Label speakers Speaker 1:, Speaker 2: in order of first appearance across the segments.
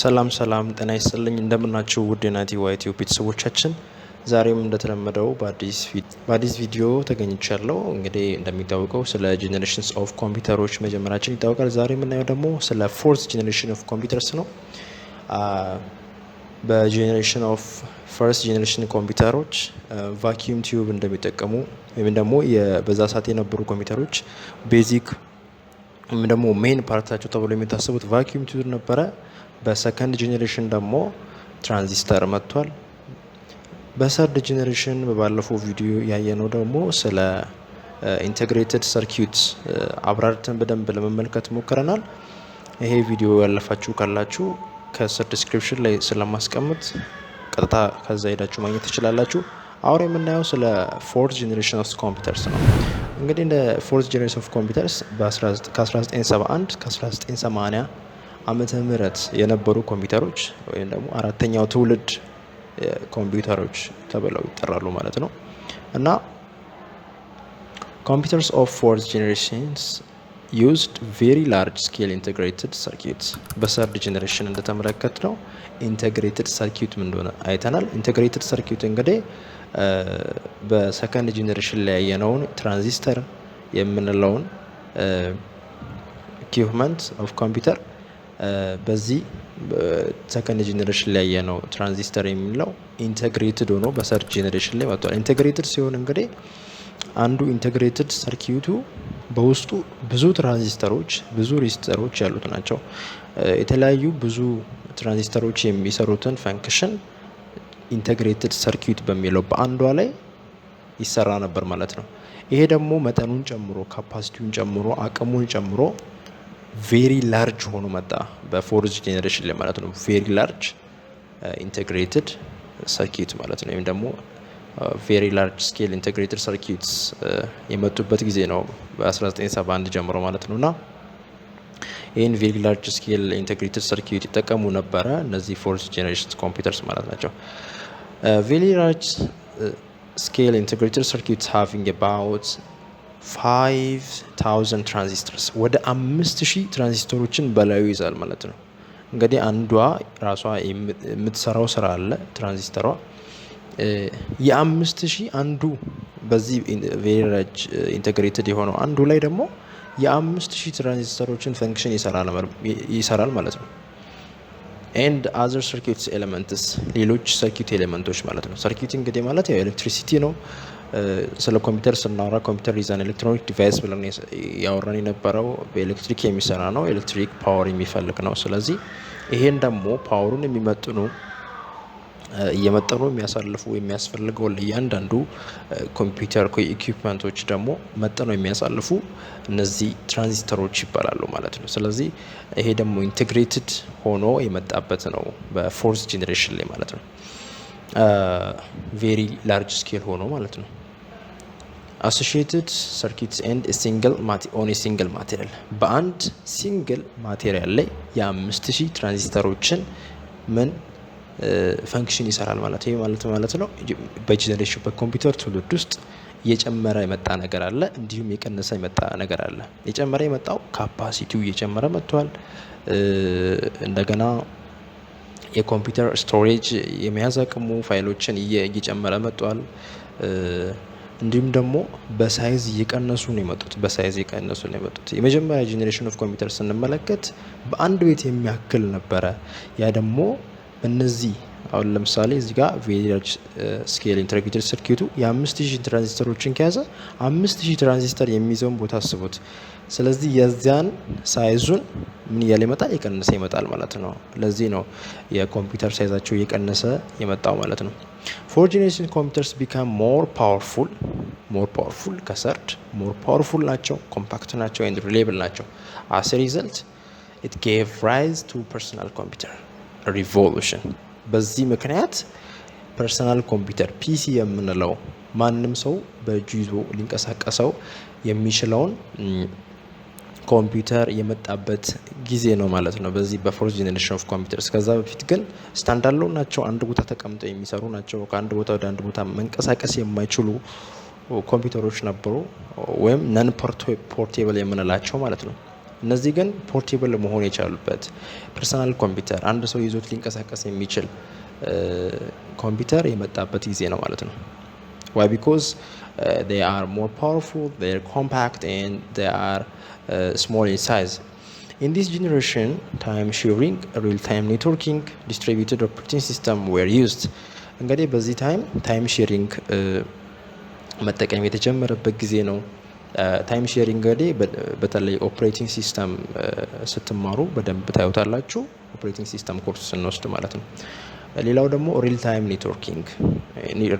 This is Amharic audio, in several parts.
Speaker 1: ሰላም ሰላም፣ ጤና ይስጥልኝ እንደምናችሁ ውድ የናቲዋ ዩቲዩብ ቤተሰቦቻችን፣ ዛሬም እንደተለመደው በአዲስ ቪዲዮ ተገኝቻለሁ። እንግዲህ እንደሚታወቀው ስለ ጄኔሬሽንስ ኦፍ ኮምፒውተሮች መጀመራችን ይታወቃል። ዛሬ የምናየው ደግሞ ስለ ፎርዝ ጄኔሬሽን ኦፍ ኮምፒውተርስ ነው። በጄኔሬሽን ኦፍ ፈርስት ጄኔሬሽን ኮምፒውተሮች ቫኪዩም ቲዩብ እንደሚጠቀሙ ወይም ደግሞ በዛ ሰዓት የነበሩ ኮምፒውተሮች ቤዚክ ደግሞ ሜን ፓርታቸው ተብሎ የሚታሰቡት ቫኪዩም ቲዩብ ነበረ። በሰከንድ ጄኔሬሽን ደግሞ ትራንዚስተር መጥቷል። በሰርድ ጄኔሬሽን በባለፈው ቪዲዮ ያየነው ደግሞ ስለ ኢንቴግሬትድ ሰርኪዩት አብራርተን በደንብ ለመመልከት ሞክረናል። ይሄ ቪዲዮ ያለፋችሁ ካላችሁ ከስር ዲስክሪፕሽን ላይ ስለማስቀምጥ ቀጥታ ከዛ ሄዳችሁ ማግኘት ትችላላችሁ። አሁን የምናየው ስለ ፎርት ጄኔሬሽን ኦፍ ኮምፒውተርስ ነው። እንግዲህ እንደ ፎርስ ጀነሬሽን ኦፍ ኮምፒውተርስ ከ1971 ከ1980 ዓመተ ምህረት የነበሩ ኮምፒውተሮች ወይም ደግሞ አራተኛው ትውልድ ኮምፒውተሮች ተብለው ይጠራሉ ማለት ነው እና ኮምፒውተርስ ኦፍ ፎርስ ጀኔሬሽንስ ዩዝድ ቬሪ ላርጅ ስኬል ኢንቴግሬትድ ሰርኪዩት በሰርድ ጀኔሬሽን እንደተመለከት ነው ኢንቴግሬትድ ሰርኪዩት ምን እንደሆነ አይተናል። ኢንቴግሬትድ ሰርኪዩት እንግዲህ በሰከንድ ጄኔሬሽን ላይ ያየነውን ትራንዚስተር የምንለውን ኢኩፕመንት ኦፍ ኮምፒውተር በዚህ ሰከንድ ጄኔሬሽን ላይ ያየነው ትራንዚስተር የሚለው ኢንተግሬትድ ሆኖ በሰርድ ጄኔሬሽን ላይ መጥቷል። ኢንተግሬትድ ሲሆን እንግዲህ አንዱ ኢንተግሬትድ ሰርኪዩቱ በውስጡ ብዙ ትራንዚስተሮች ብዙ ሬዚስተሮች ያሉት ናቸው። የተለያዩ ብዙ ትራንዚስተሮች የሚሰሩትን ፈንክሽን ኢንቴግሬትድ ሰርኪዩት በሚለው በአንዷ ላይ ይሰራ ነበር ማለት ነው። ይሄ ደግሞ መጠኑን ጨምሮ ካፓሲቲውን ጨምሮ አቅሙን ጨምሮ ቬሪ ላርጅ ሆኖ መጣ በፎርዝ ጄኔሬሽን ላይ ማለት ነው። ቬሪ ላርጅ ኢንቴግሬትድ ሰርኪዩት ማለት ነው። ወይም ደግሞ ቬሪ ላርጅ ስኬል ኢንቴግሬትድ ሰርኪዩት የመጡበት ጊዜ ነው በ1971 ጀምሮ ማለት ነው እና ይህን ቬሪ ላርጅ ስኬል ኢንቴግሬትድ ሰርኪዩት ይጠቀሙ ነበረ እነዚህ ፎርዝ ጄኔሬሽን ኮምፒውተርስ ማለት ናቸው። very uh, large uh, scale integrated circuits having about 5000 ትራንዚስተርስ ወደ ሺህ ትራንዚስተሮችን በላዩ ይዛል ማለት ነው። እንግዲህ አንዷ ራሷ የምትሰራው ስራ አለ ትራንዚስተሯ uh, የአምስት ሺህ አንዱ በዚህ ቬሬጅ ኢንቴግሬትድ uh, የሆነው አንዱ ላይ ደግሞ የአምስት ሺህ ትራንዚስተሮችን ፈንክሽን ይሰራል ማለት ነው። ኤንድ አዘር ሰርኪት ኤሌመንትስ ሌሎች ሰርኪት ኤሌመንቶች ማለት ነው። ሰርኪት እንግዲህ ማለት ያው ኤሌክትሪሲቲ ነው። ስለ ኮምፒውተር ስናወራ ኮምፒውተር ይዘን ኤሌክትሮኒክ ዲቫይስ ብለን ያወራን የነበረው በኤሌክትሪክ የሚሰራ ነው። ኤሌክትሪክ ፓወር የሚፈልግ ነው። ስለዚህ ይሄን ደግሞ ፓወሩን የሚመጥኑ እየመጠኑ የሚያሳልፉ የሚያስፈልገው ለእያንዳንዱ ኮምፒውተር ኢኩፕመንቶች ደግሞ መጠኑ የሚያሳልፉ እነዚህ ትራንዚስተሮች ይባላሉ ማለት ነው። ስለዚህ ይሄ ደግሞ ኢንቴግሬትድ ሆኖ የመጣበት ነው በፎርስ ጄኔሬሽን ላይ ማለት ነው። ቬሪ ላርጅ ስኬል ሆኖ ማለት ነው። አሶሺየትድ ሰርኪትስ ኤንድ ሲንግል ኦን ሲንግል ማቴሪያል በአንድ ሲንግል ማቴሪያል ላይ የአምስት ሺህ ትራንዚስተሮችን ምን ፈንክሽን ይሰራል ማለት ይህ ማለት ማለት ነው። በእጅ በኮምፒውተር ትውልድ ውስጥ እየጨመረ የመጣ ነገር አለ፣ እንዲሁም የቀነሰ የመጣ ነገር አለ። የጨመረ የመጣው ካፓሲቲው እየጨመረ መጥቷል። እንደገና የኮምፒውተር ስቶሬጅ የመያዝ አቅሙ ፋይሎችን እየጨመረ መጥቷል። እንዲሁም ደግሞ በሳይዝ እየቀነሱ ነው የመጡት። በሳይዝ እየቀነሱ ነው የመጡት። የመጀመሪያ ጄኔሬሽን ኦፍ ኮምፒውተር ስንመለከት በአንድ ቤት የሚያክል ነበረ። ያ ደግሞ እነዚህ አሁን ለምሳሌ እዚህ ጋር ቬሪጅ ስኬል ኢንተግሬትድ ሰርኪቱ የአምስት ሺህ ትራንዚስተሮችን ከያዘ አምስት ሺህ ትራንዚስተር የሚይዘውን ቦታ አስቡት። ስለዚህ የዚያን ሳይዙን ምን እያለ ይመጣል? የቀነሰ ይመጣል ማለት ነው። ለዚህ ነው የኮምፒውተር ሳይዛቸው እየቀነሰ የመጣው ማለት ነው። ፎር ጄኔሬሽን ኮምፒውተርስ ቢካም ሞር ፓወርፉል ሞር ፓወርፉል ከሰርድ ሞር ፓወርፉል ናቸው፣ ኮምፓክት ናቸው፣ ኤንድ ሪሌብል ናቸው። አስ ሪዘልት ኢት ጌቭ ራይዝ ቱ ፐርሰናል ኮምፒውተር ሪቮሉሽን። በዚህ ምክንያት ፐርሰናል ኮምፒውተር ፒሲ የምንለው ማንም ሰው በእጁ ይዞ ሊንቀሳቀሰው የሚችለውን ኮምፒውተር የመጣበት ጊዜ ነው ማለት ነው። በዚህ በፎርስ ጄኔሬሽን ኦፍ ኮምፒውተርስ። በፊት ግን ስታንዳለው ናቸው፣ አንድ ቦታ ተቀምጠው የሚሰሩ ናቸው። ከአንድ ቦታ ወደ አንድ ቦታ መንቀሳቀስ የማይችሉ ኮምፒውተሮች ነበሩ፣ ወይም ነን ፖርቴብል የምንላቸው ማለት ነው። እነዚህ ግን ፖርቴብል መሆን የቻሉበት ፐርሰናል ኮምፒውተር አንድ ሰው ይዞት ሊንቀሳቀስ የሚችል ኮምፒውተር የመጣበት ጊዜ ነው ማለት ነው። ዋይ ቢኮዝ they are more powerful, they are compact and they are small in size. In this generation, time sharing, real-time networking, distributed operating system were used. እንግዲህ በዚህ ታይም ታይም ሼሪንግ መጠቀም የተጀመረበት ጊዜ ነው። ታይም ሼሪንግ እንግዲህ በተለይ ኦፕሬቲንግ ሲስተም ስትማሩ በደንብ ታዩታላችሁ። ኦፕሬቲንግ ሲስተም ኮርስ ስንወስድ ማለት ነው። ሌላው ደግሞ ሪል ታይም ኔትወርኪንግ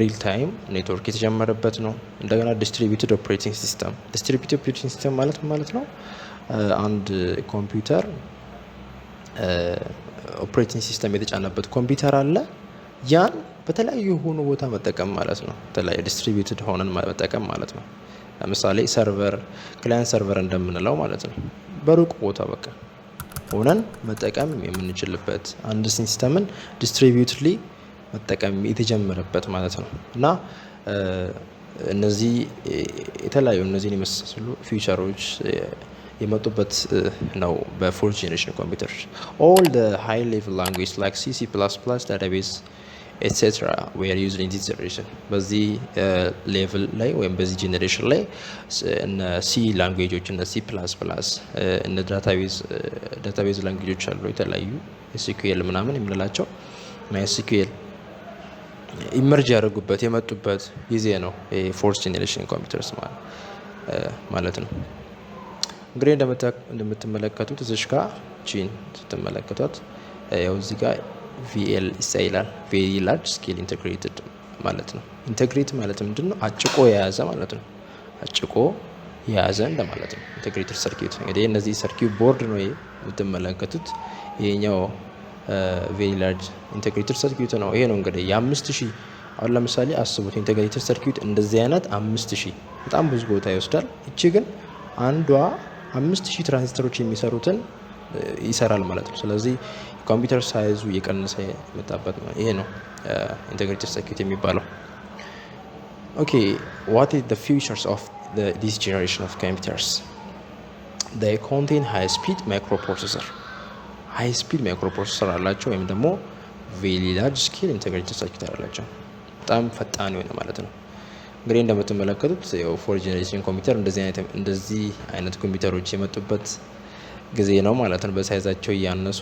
Speaker 1: ሪል ታይም ኔትወርክ የተጀመረበት ነው። እንደገና ዲስትሪቢዩትድ ኦፕሬቲንግ ሲስተም ዲስትሪቢዩትድ ኦፕሬቲንግ ሲስተም ማለት ማለት ነው አንድ ኮምፒውተር ኦፕሬቲንግ ሲስተም የተጫነበት ኮምፒውተር አለ ያን በተለያዩ የሆኑ ቦታ መጠቀም ማለት ነው። በተለያዩ ዲስትሪቢዩትድ ሆነን መጠቀም ማለት ነው። ለምሳሌ ሰርቨር ክላይንት ሰርቨር እንደምንለው ማለት ነው። በሩቅ ቦታ በቃ ሆነን መጠቀም የምንችልበት አንድ ሲስተምን ዲስትሪቢዩትሊ መጠቀም የተጀመረበት ማለት ነው እና እነዚህ የተለያዩ እነዚህን የመሳሰሉ ፊውቸሮች የመጡበት ነው በፎርት ጄኔሬሽን ኮምፒውተሮች ኦል ሃይ ሌቭል ላንጉጅ ላይክ ሲ ሲ ፕላስ ፕላስ ዳታቤዝ ኤትሴትራ ዌር ዩዝድ ኢን ዚስ ጀነሬሽን በዚህ ሌቭል uh, ላይ ወይም በዚህ ጀኔሬሽን ላይ uh, እነ ሲ ላንጉዌጆች እነ ሲ ፕላስ ፕላስ እነ ዳታቤዝ ላንጉዌጆች uh, አሉ የተለያዩ ኤስኪዩኤል ምናምን የምንላቸው እና ኢመርጅ ያደረጉበት የመጡበት ጊዜ ነው የፎርስ ጀኔሬሽን ኮምፒውተርስ ማለት ነው። እንግዲህ እንደምትመለከቱት እዚሽ ጋ ቺን ስትመለከቷት ያው እዚህ ጋር ቪኤልኤስ ይላል። ቬሪ ላርጅ ስኬል ኢንተግሬትድ ማለት ነው። ኢንተግሬት ማለት ምንድን ነው? አጭቆ የያዘ ማለት ነው። አጭቆ የያዘ እንደማለት ነው። ኢንተግሬትድ ሰርኪዩት እንግዲህ እነዚህ ሰርኪዩት ቦርድ ነው የምትመለከቱት። ይሄኛው ቬሪ ላርጅ ኢንተግሬትድ ሰርኪዩት ነው። ይሄ ነው እንግዲህ የአምስት ሺህ አሁን ለምሳሌ አስቡት ኢንተግሬትድ ሰርኪዩት እንደዚህ አይነት አምስት ሺህ በጣም ብዙ ቦታ ይወስዳል። እቺ ግን አንዷ አምስት ሺህ ትራንዚስተሮች የሚሰሩትን ይሰራል ማለት ነው። ስለዚህ ኮምፒውተር ሳይዙ እየቀነሰ የመጣበት ነው። ይሄ ነው ኢንቴግሬቲቭ ሰርኪት የሚባለው። ኦኬ ዋት ኢዝ ዘ ፊውቸርስ ኦፍ ዲስ ጄኔሬሽን ኦፍ ኮምፒውተርስ ዴይ ኮንቴን ሃይ ስፒድ ማይክሮፕሮሰሰር ሃይ ስፒድ ማይክሮፕሮሰሰር አላቸው ወይም ደግሞ ቬሪ ላርጅ ስኬል ኢንቴግሬቲቭ ሰርኪት አላቸው። በጣም ፈጣን የሆነ ማለት ነው። እንግዲህ እንደምትመለከቱት ፎር ጄኔሬሽን ኮምፒውተር እንደዚህ አይነት ኮምፒውተሮች የመጡበት ጊዜ ነው ማለት ነው። በሳይዛቸው እያነሱ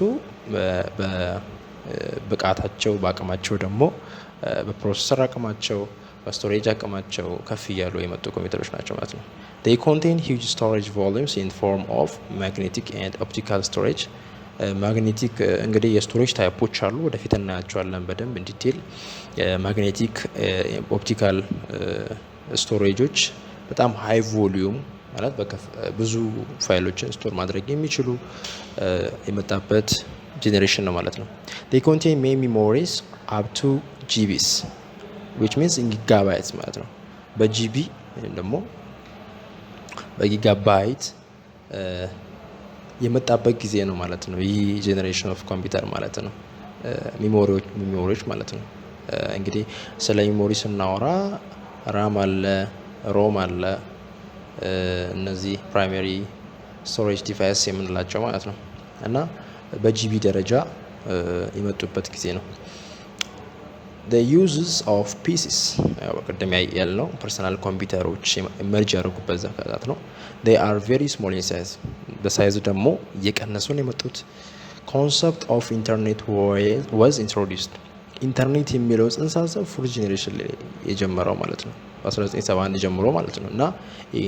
Speaker 1: በብቃታቸው በአቅማቸው ደግሞ በፕሮሰሰር አቅማቸው በስቶሬጅ አቅማቸው ከፍ እያሉ የመጡ ኮምፒውተሮች ናቸው ማለት ነው። ዴይ ኮንቴን ሂውጅ ስቶሬጅ ቮሊዩምስ ኢን ፎርም ኦፍ ማግኔቲክ ኤንድ ኦፕቲካል ስቶሬጅ ማግኔቲክ እንግዲህ የስቶሬጅ ታይፖች አሉ። ወደፊት እናያቸዋለን በደንብ እንዲቴል። ማግኔቲክ ኦፕቲካል ስቶሬጆች በጣም ሀይ ቮሊዩም ማለት ብዙ ፋይሎችን ስቶር ማድረግ የሚችሉ የመጣበት ጄኔሬሽን ነው ማለት ነው። ዴይ ኮንቴን ሜን ሚሞሪስ አፕ ቱ ጂቢስ ዊች ሚንስ ጊጋባይት ማለት ነው። በጂቢ ወይም ደግሞ በጊጋባይት የመጣበት ጊዜ ነው ማለት ነው። ይህ ጄኔሬሽን ኦፍ ኮምፒውተር ማለት ነው። ሚሞሪዎች ማለት ነው። እንግዲህ ስለ ሚሞሪ ስናወራ ራም አለ፣ ሮም አለ እነዚህ ፕራይመሪ ስቶሬጅ ዲቫይስ የምንላቸው ማለት ነው እና በጂቢ ደረጃ የመጡበት ጊዜ ነው። ዩዝስ ኦፍ ፒሲስ ቅድም ያልነው ፐርሰናል ኮምፒውተሮች መርጅ ያደረጉበት ዘካዛት ነው። አር ቬሪ ስሞል ሳይዝ በሳይዝ ደግሞ እየቀነሱ ነው የመጡት። ኮንሰፕት ኦፍ ኢንተርኔት ዋዝ ኢንትሮዲውስድ ኢንተርኔት የሚለው ጽንሰ ሀሳብ ፎርዝ ጄኔሬሽን የጀመረው ማለት ነው። 1971 ጀምሮ ማለት ነው እና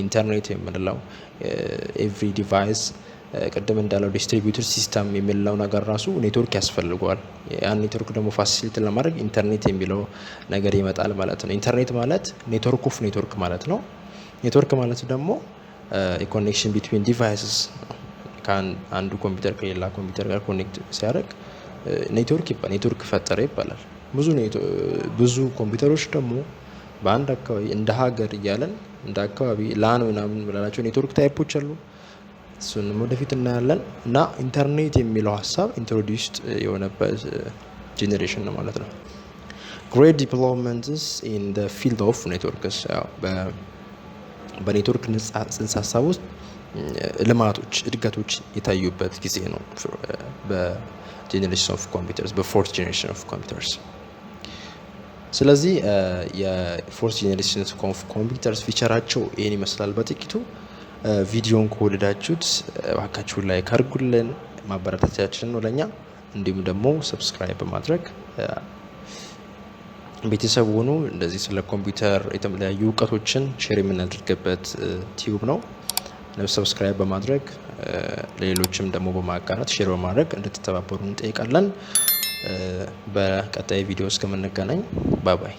Speaker 1: ኢንተርኔት የምንለው ኤቭሪ ዲቫይስ ቅድም እንዳለው ዲስትሪቢዩተር ሲስተም የሚለው ነገር ራሱ ኔትወርክ ያስፈልገዋል። ያን ኔትወርክ ደግሞ ፋሲሊቲ ለማድረግ ኢንተርኔት የሚለው ነገር ይመጣል ማለት ነው። ኢንተርኔት ማለት ኔትወርክ ኦፍ ኔትወርክ ማለት ነው። ኔትወርክ ማለት ደግሞ ኮኔክሽን ቢትዊን ዲቫይስስ ከአንዱ ኮምፒውተር ከሌላ ኮምፒውተር ጋር ኮኔክት ሲያደርግ ኔትወርክ ይባላል። ኔትወርክ ፈጠረ ይባላል። ብዙ ኮምፒውተሮች ደግሞ በአንድ አካባቢ እንደ ሀገር እያለን እንደ አካባቢ ላን ምናምን ብላላቸው ኔትወርክ ታይፖች አሉ። እሱንም ወደፊት እናያለን እና ኢንተርኔት የሚለው ሀሳብ ኢንትሮዲውስድ የሆነበት ጄኔሬሽን ነው ማለት ነው። ግሬት ዲፕሎመንትስ ኢን ደ ፊልድ ኦፍ ኔትወርክስ በኔትወርክ ጽንሰ ሀሳብ ውስጥ ልማቶች፣ እድገቶች የታዩበት ጊዜ ነው። በጄኔሬሽን ኦፍ ኮምፒውተርስ በፎርት ጄኔሬሽን ኦፍ ኮምፒውተርስ ስለዚህ የፎርስ ጄኔሬሽን ኮምፒውተርስ ፊቸራቸው ይህን ይመስላል በጥቂቱ። ቪዲዮን ከወደዳችሁት እባካችሁ ላይክ አድርጉልን፣ ማበረታቻችን ነው ለእኛ። እንዲሁም ደግሞ ሰብስክራይብ በማድረግ ቤተሰብ ሆኑ። እንደዚህ ስለ ኮምፒውተር የተለያዩ እውቀቶችን ሼር የምናደርግበት ቲዩብ ነው። ሰብስክራይብ በማድረግ ለሌሎችም ደግሞ በማጋራት ሼር በማድረግ እንድትተባበሩ እንጠይቃለን። በቀጣይ ቪዲዮ እስከምንገናኝ ባባይ